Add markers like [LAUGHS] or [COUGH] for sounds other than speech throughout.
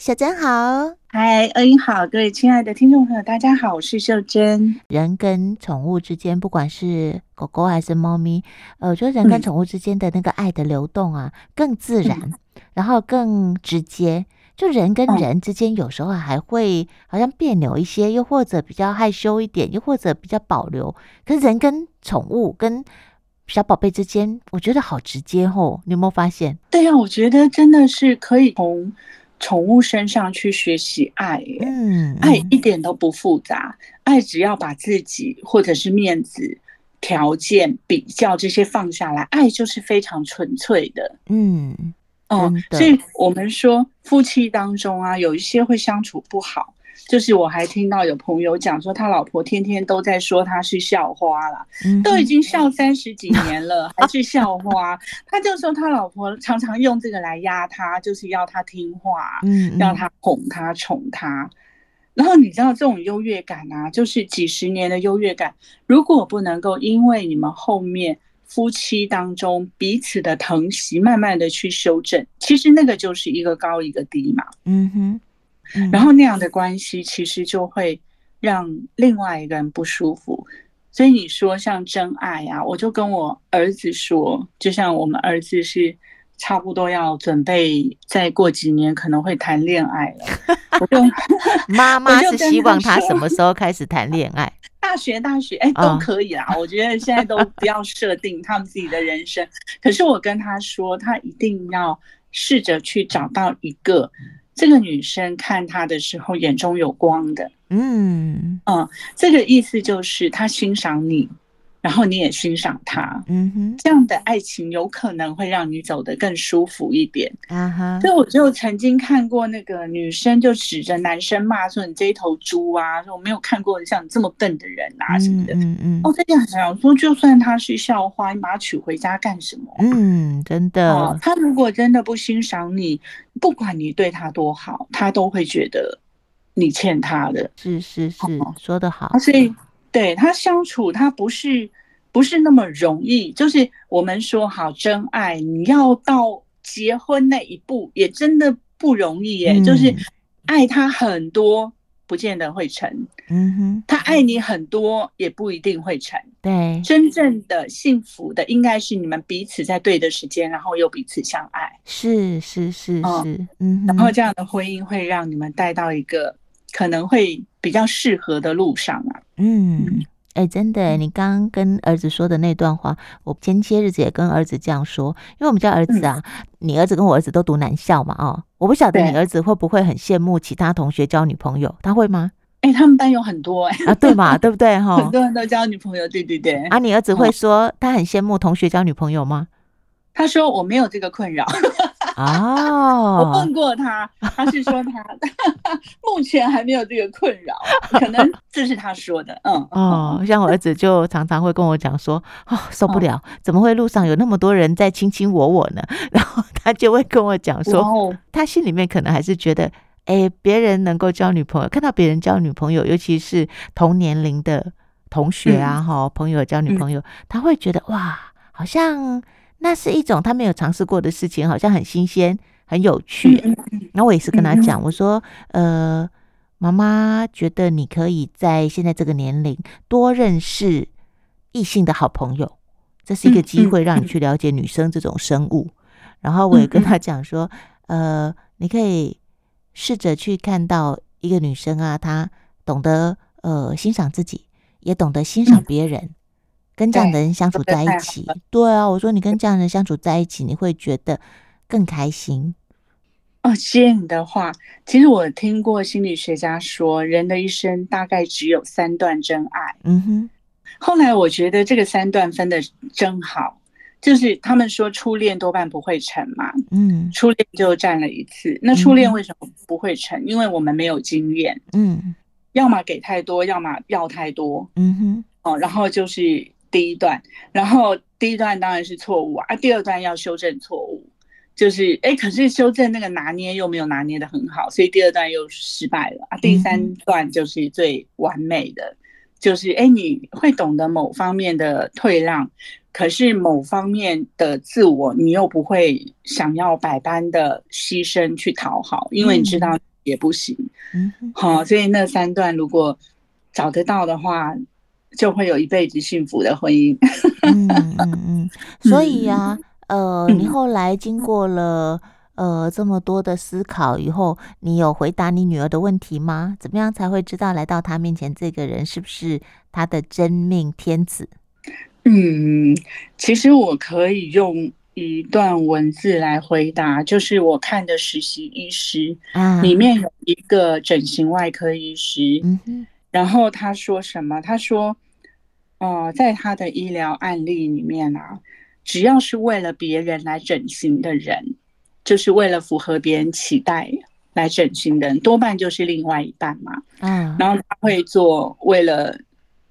小珍好，嗨，恩英好，各位親愛的聽眾朋友，大家好，我是秀珍。人跟寵物之間，不管是狗狗還是貓咪，呃，我覺得人跟寵物之間的那個愛的流動啊，嗯、更自然、嗯，然後更直接。就人跟人之間，有時候還會好像別扭一些、哦，又或者比較害羞一點，又或者比較保留。可是人跟寵物跟小寶貝之間，我覺得好直接哦，你有沒有發現？對呀、啊，我覺得真的是可以從寵物身上去學習愛欸，嗯，愛一點都不複雜，嗯，愛只要把自己或者是面子、條件、比較這些放下來，愛就是非常純粹的，嗯，真的，哦，所以我們說夫妻當中啊，有一些會相處不好。就是我還聽到有朋友講說，他老婆天天都在說他是校花了，嗯，都已經笑三十幾年了 [LAUGHS] 還是校花，他就說他老婆常常用這個來壓他，就是要他聽話，嗯，嗯，要他哄他寵他。然後你知道這種優越感啊，就是幾十年的優越感，如果不能夠因為你們後面夫妻當中彼此的疼惜，慢慢的去修正，其實那個就是一個高一個低嘛。嗯哼。然後那樣的關係其實就會讓另外一個人不舒服，所以你說像真愛呀、啊，我就跟我兒子說，就像我們兒子是差不多要準備再過幾年可能會談戀愛了，我就 [LAUGHS] 媽媽是希望他什麼時候開始談戀愛 [LAUGHS] ，大學大學哎都可以啦、啊， [LAUGHS] 我覺得現在都不要設定他們自己的人生，可是我跟他說，他一定要試着去找到一個。這個女生看他的時候，眼中有光的，嗯，嗯，這個意思就是他欣賞你。然後你也欣賞他，嗯哼，這樣的愛情有可能會讓你走得更舒服一點。啊哈，所以我就曾經看過那個女生就指着男生罵說：“你這一頭豬啊！”說：“我沒有看過像你這麼笨的人啊，什麼的。”嗯嗯嗯，哦，很想說，就算他是校花，你把他娶回家幹什麼啊？嗯，真的。他如果真的不欣賞你，不管你對他多好，他都會覺得你欠他的。是是是，說得好。所以。對他相處，他不是不是那麼容易。就是我們說好真愛，你要到結婚那一步，也真的不容易耶、嗯。就是愛他很多，不見得會成。嗯哼，他愛你很多，也不一定會成。對、嗯，真正的幸福的應該是你們彼此在對的時間，然後又彼此相愛。是是是是，是是哦、嗯，然後這樣的婚姻會讓你們帶到一個可能會比較適合的路上啊。嗯，哎、欸，真的、欸，你剛剛跟兒子說的那段話，我前些日子也跟兒子這樣說。因為我們家兒子啊，嗯、你兒子跟我兒子都讀男校嘛，哦，我不曉得你兒子會不會很羨慕其他同學交女朋友，他會嗎？哎、欸，他們班有很多哎、欸，啊，對嘛， [LAUGHS] 對不對哈、哦？很多人都交女朋友，對對對。啊，你兒子會說他很羨慕同學交女朋友嗎？他說我沒有這個困擾。 [LAUGHS] 哦， [LAUGHS] 我問過他，他是說他 [LAUGHS] [LAUGHS] 目前還沒有這個困擾，可能這是他說的。嗯 [LAUGHS] 哦，像我兒子就常常會跟我講說，哦受不了，哦、怎麼會路上有那麼多人在卿卿我我呢？然後他就會跟我講說，哦、他心裡面可能還是覺得，哎、欸，別人能夠交女朋友，看到別人交女朋友，尤其是同年齡的同學啊、哈、嗯哦、朋友交女朋友，嗯、他會覺得哇，好像。那是一種他沒有嘗試過的事情，好像很新鮮、很有趣。那、嗯、我也是跟他講，我說：“呃，媽媽覺得你可以在現在這個年齡多認識異性的好朋友，這是一個機會讓你去了解女生這種生物。”嗯嗯嗯，然後我也跟他講說：“呃，你可以試着去看到一個女生啊，她懂得呃，欣賞自己，也懂得欣賞別人。”嗯跟這樣的人相處在一起，對,對啊，我說你跟這樣的人相處在一起，你會覺得更開心。哦，接你的話，其實我聽過心理學家說，人的一生大概只有三段真愛。嗯哼，後來我覺得這個三段分的真好，就是他們說初戀多半不會成嘛。嗯，初戀就占了一次，那初戀為什麼不會成？嗯，因為我們沒有經驗。嗯，要麼給太多，要麼要太多。嗯哼，哦，然後就是。第一段，然後第一段當然是錯誤啊，第二段要修正錯誤，就是哎，可是修正那個拿捏又沒有拿捏得很好，所以第二段又失敗了啊。第三段就是最完美的，嗯、就是哎，你會懂得某方面的退讓，可是某方面的自我你又不會想要百般的犧牲去討好，因為你知道也不行。好、嗯哦，所以那三段如果找得到的話，就會有一輩子幸福的婚姻。嗯 [LAUGHS] 嗯嗯，所以呀、啊嗯，呃、嗯，你後來經過了呃這麼多的思考以後，你有回答你女兒的問題嗎？怎麼樣才會知道來到他面前這個人是不是他的真命天子？嗯，其實我可以用一段文字來回答，就是我看的實習醫師、啊、裡面有一個整形外科醫師。嗯嗯嗯然後他說什麼？他說：“哦、呃，在他的醫療案例裡面啊，只要是為了別人來整形的人，就是為了符合別人期待來整形的人，多半就是另外一半嘛。嗯、啊，然後他會做為了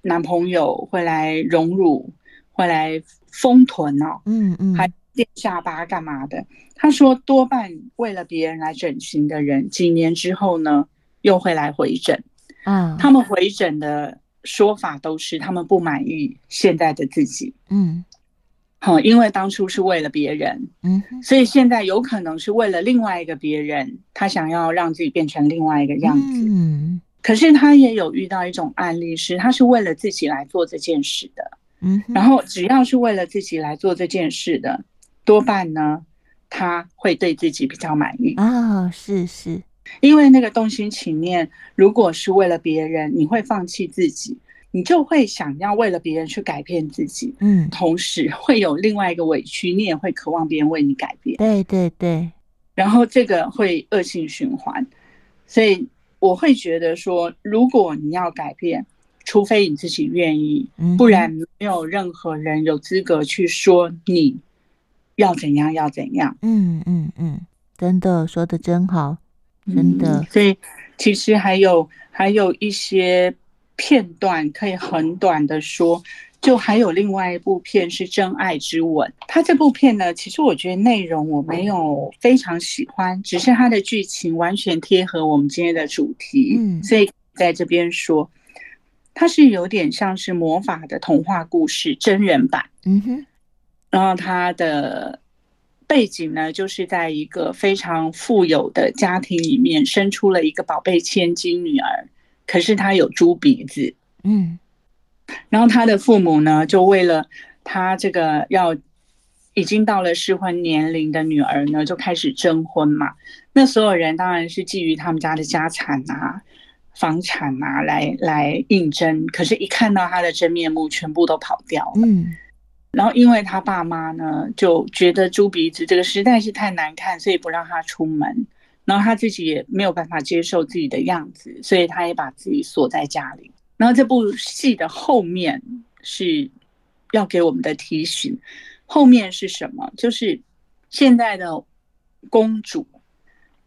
男朋友會來隆乳，會來豐臀哦，嗯嗯，還墊下巴幹嘛的、嗯嗯？他說多半為了別人來整形的人，幾年之後呢，又會來回整。嗯，他們回診的說法都是他們不滿意現在的自己。嗯，好，因為當初是為了別人，嗯，所以現在有可能是為了另外一個別人，他想要讓自己變成另外一個樣子。嗯，可是他也有遇到一種案例是，他是為了自己來做這件事的。嗯，然後只要是為了自己來做這件事的，多半呢，他會對自己比較滿意。哦，是是。因為那個動心起念，如果是為了別人，你會放棄自己，你就會想要為了別人去改變自己，嗯，同時會有另外一個委屈，你也會渴望別人為你改變。對對對，然後這個會惡性循環，所以我會覺得說，如果你要改變，除非你自己願意，嗯、不然沒有任何人有資格去說你要怎樣要怎樣。嗯嗯嗯，真的，說的真好。真的、嗯，所以其實還有還有一些片段可以很短的說，就還有另外一部片是《真愛之吻》，它這部片呢，其實我覺得內容我沒有非常喜歡，只是它的劇情完全貼合我們今天的主題，所以在這邊說，它是有點像是魔法的童話故事真人版。嗯哼，然後它的。背景呢，就是在一個非常富有的家庭裡面生出了一個寶貝千金女兒，可是她有豬鼻子，嗯，然後她的父母呢，就為了她這個要已經到了適婚年齡的女兒呢，就開始徵婚嘛。那所有人當然是覬覦他們家的家產啊、房產啊，來來應徵。可是，一看到她的真面目，全部都跑掉了，嗯然後，因為他爸媽呢，就覺得豬鼻子這個實在是太難看，所以不讓他出門。然後他自己也沒有辦法接受自己的樣子，所以他也把自己鎖在家裡。然後這部戲的後面是要給我們的提醒，後面是什麼？就是現在的公主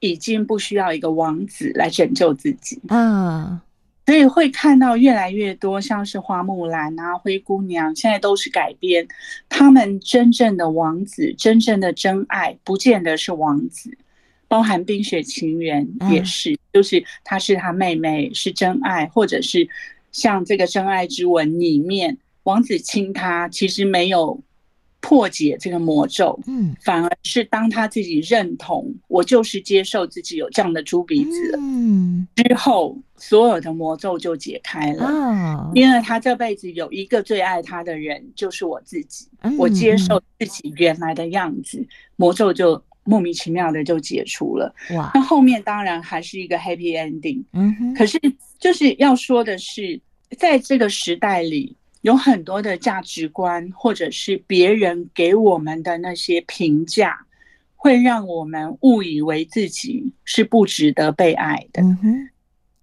已經不需要一個王子來拯救自己。啊。所以會看到越來越多，像是花木蘭啊、灰姑娘，現在都是改編。他們真正的王子、真正的真愛，不見得是王子。包含《冰雪情緣》也是，嗯，就是他是他妹妹是真愛，或者是像這個《真愛之吻》裡面，王子親她，其實沒有。破解這個魔咒，嗯，反而是當他自己認同我就是接受自己有這樣的豬鼻子，嗯，之後所有的魔咒就解開了。因為他這輩子有一個最愛他的人就是我自己，我接受自己原來的樣子，魔咒就莫名其妙的就解除了。哇，那後面當然還是一個 happy ending，嗯哼。可是就是要說的是，在這個時代裡。有很多的價值觀，或者是別人給我們的那些評價，會讓我們誤以為自己是不值得被愛的。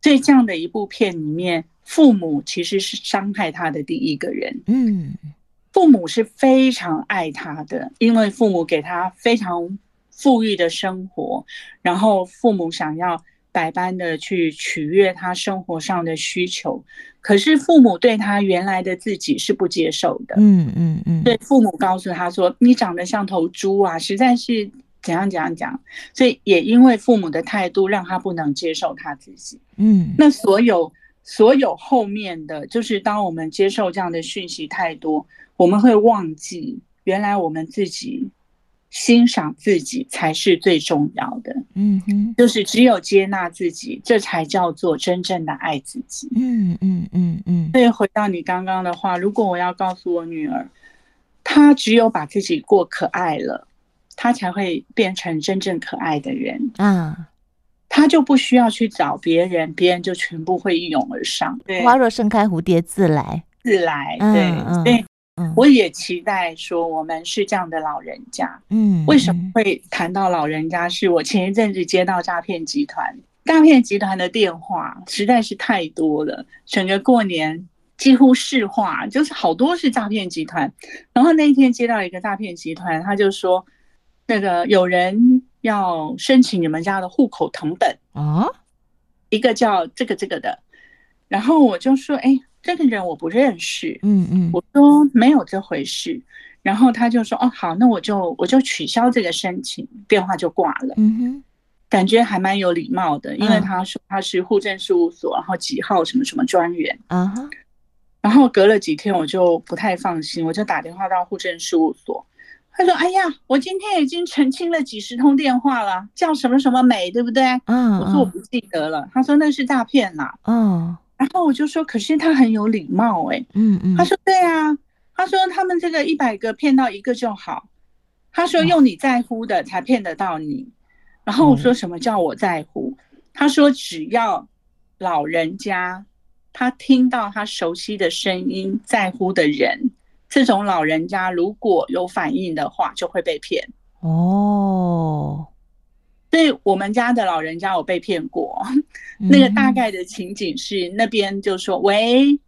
在這樣的一部片裡面，父母其實是傷害他的第一個人。嗯，父母是非常愛他的，因為父母給他非常富裕的生活，然後父母想要。百般的去取悅他生活上的需求，可是父母對他原來的自己是不接受的。嗯嗯嗯，對、嗯，父母告訴他說：“你長得像頭豬啊，實在是怎樣怎樣講。”所以也因為父母的態度，讓他不能接受他自己。嗯，那所有所有後面的就是，當我們接受這樣的訊息太多，我們會忘記原來我們自己。欣賞自己才是最重要的。嗯哼，就是只有接納自己，這才叫做真正的愛自己。嗯嗯嗯嗯。所以回到你剛剛的話，如果我要告訴我女兒，她只有把自己過可愛了，她才會變成真正可愛的人啊。嗯，她就不需要去找別人，別人就全部會一擁而上。對。花若盛開，蝴蝶自來，自來。對。嗯，嗯。我也期待說我們是這樣的老人家，嗯，為什麼會談到老人家？是我前一陣子接到詐騙集團，詐騙集團的電話，實在是太多了，整個過年幾乎市話，就是好多是詐騙集團。然後那一天接到一個詐騙集團，他就說，那個有人要申請你們家的戶口謄本啊，一個叫這個這個的，然後我就說，哎。這個人我不認識，嗯嗯，我說沒有這回事，然後他就說哦好，那我就我就取消這個申請，電話就掛了、嗯，感覺還蠻有禮貌的，因為他說他是戶政事務所，啊，然後幾號什麼什麼專員，啊然後隔了幾天我就不太放心，我就打電話到戶政事務所，他說哎呀，我今天已經澄清了幾十通電話了，叫什麼什麼美，對不對？嗯，嗯我說我不記得了，他說那是詐騙啦，嗯。嗯然後我就說，可是他很有禮貌哎、欸，嗯嗯，他說，對啊，他說他們這個一百個騙到一個就好，他說用你在乎的才騙得到你，然後我說，什麼叫我在乎，他說只要老人家他聽到他熟悉的聲音、在乎的人，這種老人家如果有反應的話，就會被騙哦，哦。對我們家的老人家，有被騙過。那個大概的情景是，那邊就說喂「喂、嗯」，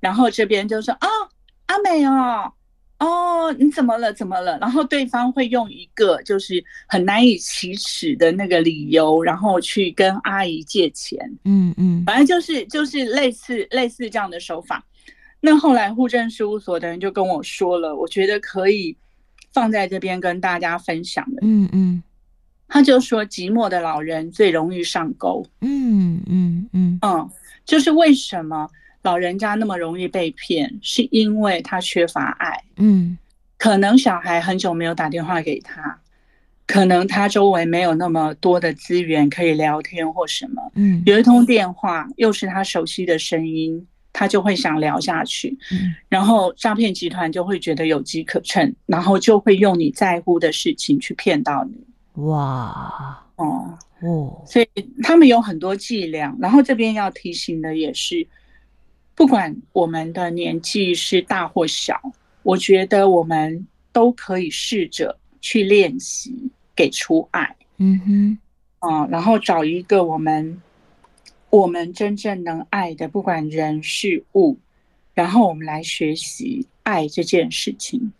然後這邊就說「啊、哦，阿美哦，哦，你怎麼了？怎麼了？」然後對方會用一個就是很難以啟齒的那個理由，然後去跟阿姨借錢。嗯嗯，反正就是就是類似類似這樣的手法。那後來，戶政事務所的人就跟我說了，我覺得可以放在這邊跟大家分享的。嗯嗯。他就說：“寂寞的老人最容易上鈎。嗯”嗯嗯嗯嗯，就是為什麼老人家那麼容易被騙，是因為他缺乏愛。嗯，可能小孩很久沒有打電話給他，可能他周圍沒有那麼多的資源可以聊天或什麼。嗯，有一通電話又是他熟悉的聲音，他就會想聊下去。嗯，然後詐騙集團就會覺得有機可乘，然後就會用你在乎的事情去騙到你。哇哦哦，所以他們有很多伎倆。然後這邊要提醒的也是，不管我們的年紀是大或小，我覺得我們都可以試着去練習給出愛。嗯哼，啊、哦，然後找一個我們我們真正能愛的，不管人事物，然後我們來學習愛這件事情，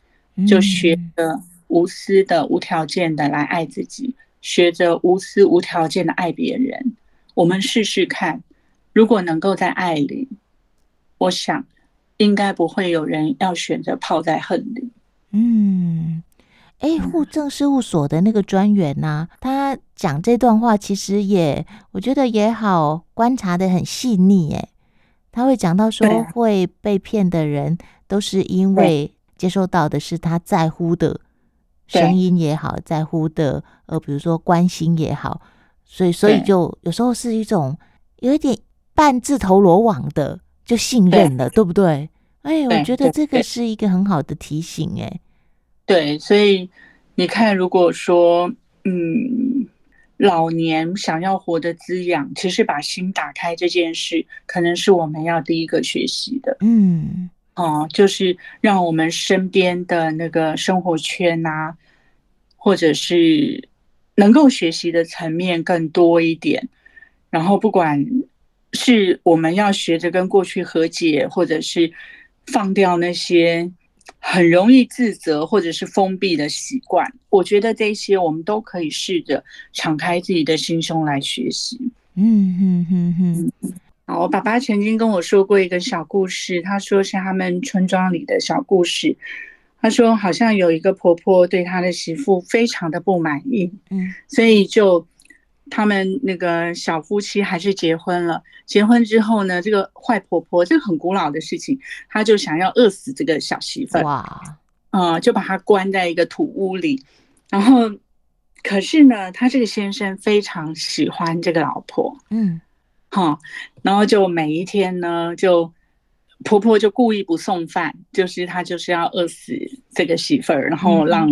就學的。無私的、無條件的來愛自己，學着無私、無條件的愛別人。我們試試看，如果能夠在愛裡，我想應該不會有人要選擇泡在恨裡。嗯，哎，戶政事務所的那個專員呢、啊，他講這段話，其實也我覺得也好，觀察得很細膩。哎，他會講到說，會被騙的人都是因為接受到的是他在乎的。聲音也好，在乎的呃，而比如說關心也好，所以所以就有時候是一種有一點半自投羅網的，就信任了，對，對不對？哎對，我覺得這個是一個很好的提醒，哎，對。所以你看，如果說嗯，老年想要活得滋養，其實把心打開這件事，可能是我們要第一個學習的，嗯。哦，就是讓我們身邊的那個生活圈吶、啊，或者是能夠學習的層面更多一點。然後，不管是我們要學着跟過去和解，或者是放掉那些很容易自責或者是封閉的習慣，我覺得這些我們都可以試着敞開自己的心胸來學習。嗯嗯嗯嗯。我爸爸曾經跟我說過一個小故事，他說是他們村莊裡的小故事。他說好像有一個婆婆對他的媳婦非常的不滿意，嗯，所以就他們那個小夫妻還是結婚了。結婚之後呢，這個壞婆婆，這個很古老的事情，她就想要餓死這個小媳婦，哇，啊，呃，就把她關在一個土屋裡。然後，可是呢，他這個先生非常喜歡這個老婆，嗯。哈，然後就每一天呢，就婆婆就故意不送飯，就是她就是要餓死這個媳婦兒，然後讓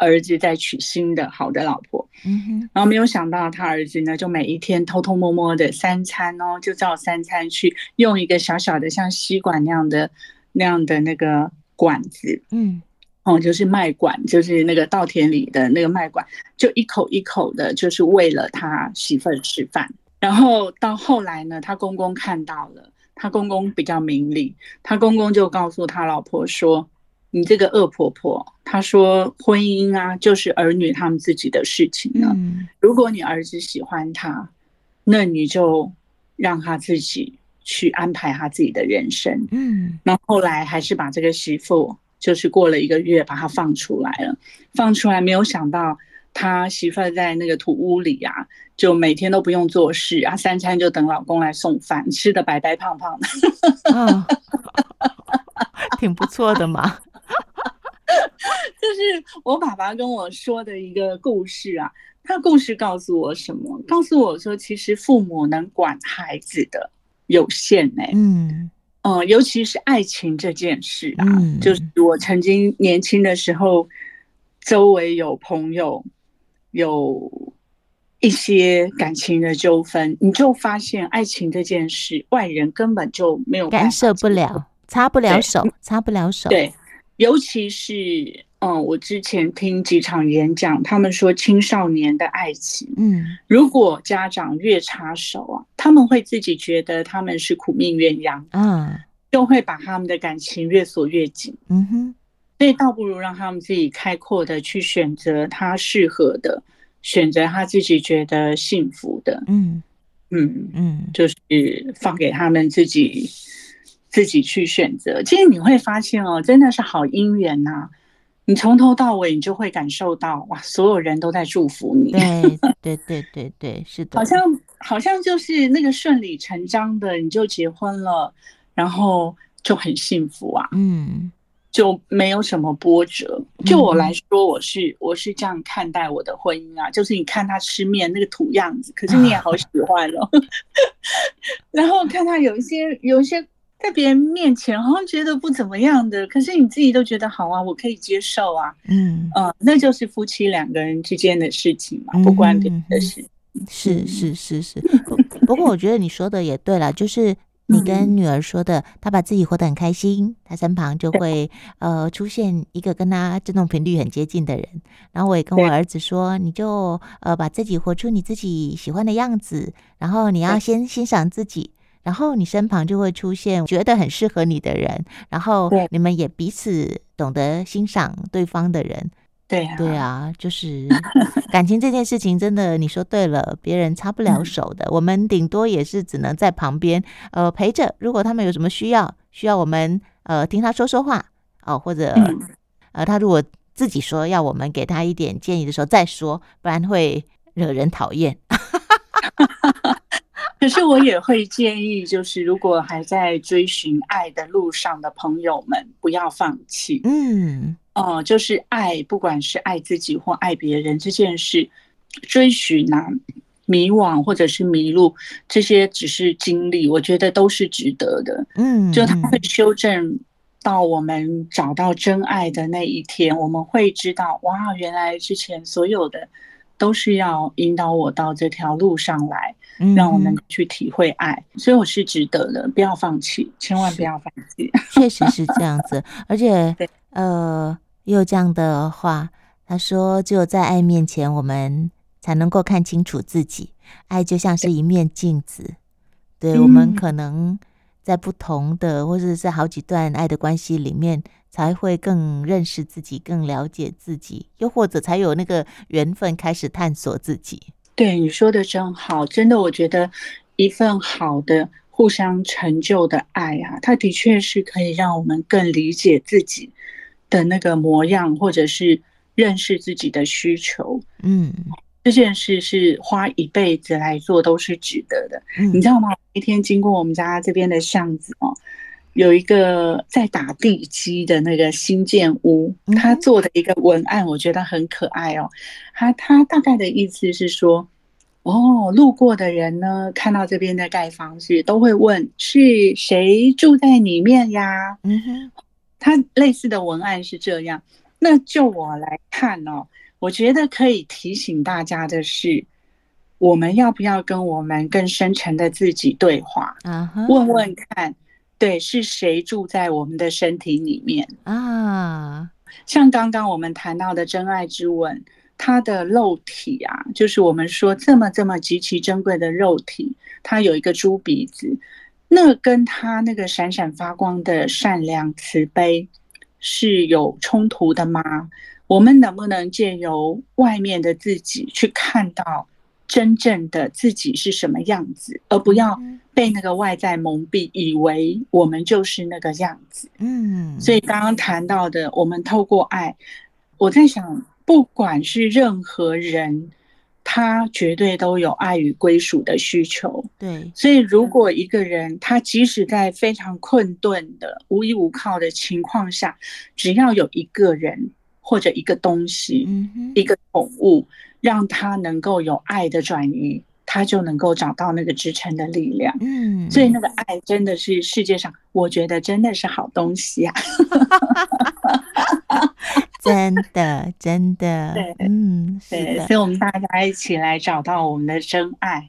兒子再娶新的好的老婆。嗯哼，然後沒有想到他兒子呢，就每一天偷偷摸摸的，三餐哦，就照三餐去用一個小小的像吸管那樣的那樣的那個管子，嗯，哦，就是麥管，就是那個稻田裡的那個麥管，就一口一口的，就是餵了他媳婦兒吃飯。然後到後來呢，他公公看到了，他公公比較明理，他公公就告訴他老婆說：“你這個惡婆婆，他說婚姻啊就是兒女他們自己的事情了。嗯、如果你兒子喜歡她，那你就讓他自己去安排他自己的人生。”嗯，那後來還是把這個媳婦，就是過了一個月，把她放出來了。放出來，沒有想到她媳婦在那個土屋裡呀、啊。就每天都不用做事啊，三餐就等老公來送飯，吃得白白胖胖的，嗯、 [LAUGHS] 哦，挺不錯的嘛。 [LAUGHS] 就是我爸爸跟我說的一個故事啊，他故事告訴我什麼？告訴我說，其實父母能管孩子的有限哎、欸，嗯嗯、呃，尤其是愛情這件事啊、嗯，就是我曾經年輕的時候，周圍有朋友有。一些感情的糾紛，你就發現愛情這件事，外人根本就沒有干涉不了，插不了手，插不了手。對，尤其是嗯、呃，我之前聽幾場演講，他們說青少年的愛情，嗯，如果家長越插手啊，他們會自己覺得他們是苦命鴛鴦，嗯，就會把他們的感情越鎖越緊，嗯哼，所以倒不如讓他們自己開闊的去選擇他適合的。選擇他自己覺得幸福的，嗯嗯嗯，就是放給他們自己、嗯、自己去選擇。其實你會發現哦，真的是好姻緣吶！你從頭到尾你就會感受到哇，所有人都在祝福你。對對對對對，是的， [LAUGHS] 好像好像就是那個順理成章的，你就結婚了，然後就很幸福啊。嗯。就沒有什麼波折。就我來說，我是、嗯、我是這樣看待我的婚姻啊，就是你看他吃麵那個土樣子，可是你也好喜歡哦。啊、 [LAUGHS] 然後看他有一些有一些在別人面前好像覺得不怎麼樣的，可是你自己都覺得好啊，我可以接受啊。嗯，呃，那就是夫妻兩個人之間的事情嘛，不關別人的事情，嗯。是是是是 [LAUGHS] 不。不過我覺得你說的也對啦，就是。你跟女兒說的，她把自己活得很開心，她身旁就會呃出現一個跟她振動頻率很接近的人。然後我也跟我兒子說，你就呃把自己活出你自己喜歡的樣子，然後你要先欣賞自己，然後你身旁就會出現覺得很適合你的人，然後你們也彼此懂得欣賞對方的人。對啊， [LAUGHS] 對啊，就是感情這件事情真的，你說對了，別人插不了手的， [LAUGHS] 我們頂多也是只能在旁邊呃陪着。如果他們有什麼需要，需要我們呃聽他說說話哦，呃、或者呃他如果自己說要我們給他一點建議的時候再說，不然會惹人討厭。 [LAUGHS] [LAUGHS] 可是我也會建議，就是如果還在追尋愛的路上的朋友們，不要放棄。嗯。 [LAUGHS] 哦、呃，就是愛，不管是愛自己或愛別人這件事，追尋難、啊、迷惘或者是迷路，這些只是經歷，我覺得都是值得的。嗯，就他會修正到我們找到真愛的那一天，我們會知道，哇，原來之前所有的都是要引導我到這條路上來，讓我們去體會愛，嗯、所以我是值得的，不要放棄，千萬不要放棄。確實是這樣子， [LAUGHS] 而且。呃，有這樣的話，他說：“只有在愛面前，我們才能夠看清楚自己。愛就像是一面鏡子。”對，對我們可能在不同的，嗯、或者是好幾段愛的關係裡面，才會更認識自己，更了解自己，又或者才有那個緣分開始探索自己。對，對你說的真好，真的，我覺得一份好的互相成就的愛啊，它的確是可以讓我們更理解自己。的那個模樣，或者是認識自己的需求，嗯，這件事是花一輩子來做都是值得的。嗯、你知道嗎？那天經過我們家這邊的巷子哦，有一個在打地基的那個新建屋，他做的一個文案，我覺得很可愛哦。他、嗯、他大概的意思是說，哦，路過的人呢，看到這邊的蓋房子，都會問是誰住在裡面呀？嗯哼。他類似的文案是這樣，那就我來看哦，我覺得可以提醒大家的是，我們要不要跟我們更深沉的自己對話？Uh -huh. 問問看，對，是誰住在我們的身體裡面啊？Uh -huh. 像剛剛我們談到的真愛之吻，他的肉體啊，就是我們說這麼這麼極其珍貴的肉體，他有一個豬鼻子。那跟他那個閃閃發光的善良慈悲是有衝突的嗎？我們能不能借由外面的自己去看到真正的自己是什麼樣子，而不要被那個外在蒙蔽，以為我們就是那個樣子。嗯。所以剛剛談到的，我們透過愛，我在想，不管是任何人。他絕對都有愛與歸屬的需求，對。所以，如果一個人、嗯、他即使在非常困頓的、無依無靠的情況下，只要有一個人或者一個東西，嗯、一個寵物，讓他能夠有愛的轉移，他就能夠找到那個支撐的力量。嗯，所以那個愛真的是世界上，我覺得真的是好東西啊。 [LAUGHS] [LAUGHS] 真的，真的， [LAUGHS] 嗯，是的，所以，我們大家一起來找到我們的真愛。 [LAUGHS]